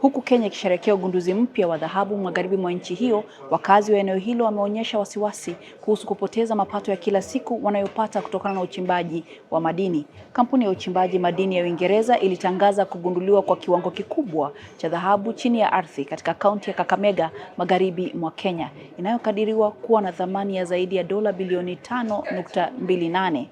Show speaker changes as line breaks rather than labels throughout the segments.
Huku Kenya ikisherehekea ugunduzi mpya wa dhahabu magharibi mwa nchi hiyo, wakazi wa eneo hilo wameonyesha wasiwasi kuhusu kupoteza mapato ya kila siku wanayopata kutokana na uchimbaji wa madini. Kampuni ya uchimbaji madini ya Uingereza ilitangaza kugunduliwa kwa kiwango kikubwa cha dhahabu chini ya ardhi katika kaunti ya Kakamega, magharibi mwa Kenya, inayokadiriwa kuwa na thamani ya zaidi ya dola bilioni 5.28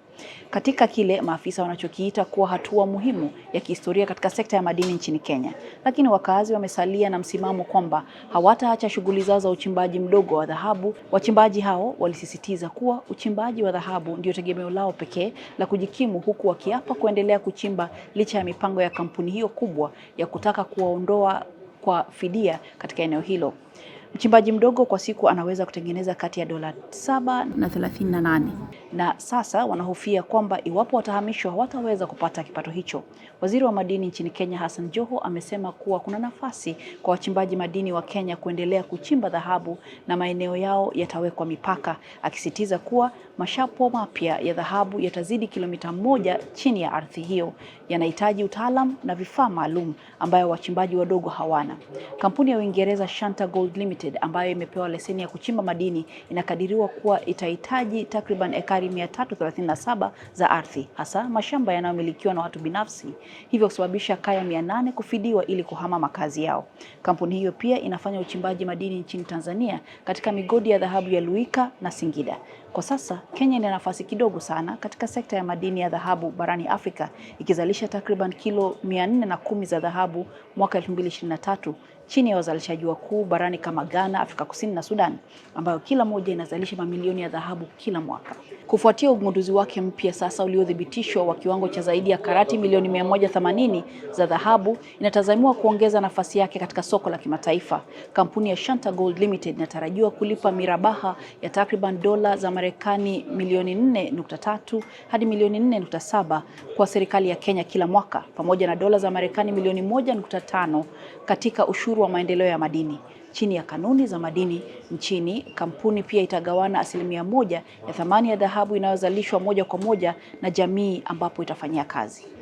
katika kile maafisa wanachokiita kuwa hatua muhimu ya kihistoria katika sekta ya madini nchini Kenya, lakini wakazi wamesalia na msimamo kwamba hawataacha shughuli zao za uchimbaji mdogo wa dhahabu. Wachimbaji hao walisisitiza kuwa uchimbaji wa dhahabu ndio tegemeo lao pekee la kujikimu, huku wakiapa kuendelea kuchimba licha ya mipango ya kampuni hiyo kubwa ya kutaka kuwaondoa kwa fidia katika eneo hilo. Mchimbaji mdogo kwa siku anaweza kutengeneza kati ya dola saba na thelathini na nane na sasa wanahofia kwamba iwapo watahamishwa hawataweza kupata kipato hicho. Waziri wa madini nchini Kenya Hassan Joho amesema kuwa kuna nafasi kwa wachimbaji madini wa Kenya kuendelea kuchimba dhahabu na maeneo yao yatawekwa mipaka, akisitiza kuwa mashapo mapya ya dhahabu yatazidi kilomita moja chini ya ardhi hiyo, yanahitaji utaalam na vifaa maalum ambayo wachimbaji wadogo hawana. Kampuni ya Uingereza Shanta Gold Limited ambayo imepewa leseni ya kuchimba madini inakadiriwa kuwa itahitaji takriban eka ekari 337 za ardhi, hasa mashamba yanayomilikiwa na watu binafsi, hivyo kusababisha kaya 800 kufidiwa ili kuhama makazi yao. Kampuni hiyo pia inafanya uchimbaji madini nchini Tanzania katika migodi ya dhahabu ya Luika na Singida. Kwa sasa Kenya ina nafasi kidogo sana katika sekta ya madini ya dhahabu barani Afrika ikizalisha takriban kilo 410 za dhahabu mwaka 2023 chini ya wazalishaji wakuu barani kama Ghana, Afrika Kusini na Sudan ambayo kila moja inazalisha mamilioni ya dhahabu kila mwaka. Kufuatia ugunduzi wake mpya sasa uliothibitishwa wa kiwango cha zaidi ya karati milioni 180 za dhahabu, inatazamiwa kuongeza nafasi yake katika soko la kimataifa. Kampuni ya Shanta Gold Limited inatarajiwa kulipa mirabaha ya takriban dola za Marekani milioni 4.3 hadi milioni 4.7 kwa serikali ya Kenya kila mwaka, pamoja na dola za Marekani milioni 1.5 katika ushuru wa maendeleo ya madini. Chini ya kanuni za madini nchini, kampuni pia itagawana asilimia moja ya thamani ya dhahabu inayozalishwa moja kwa moja na jamii ambapo itafanyia kazi.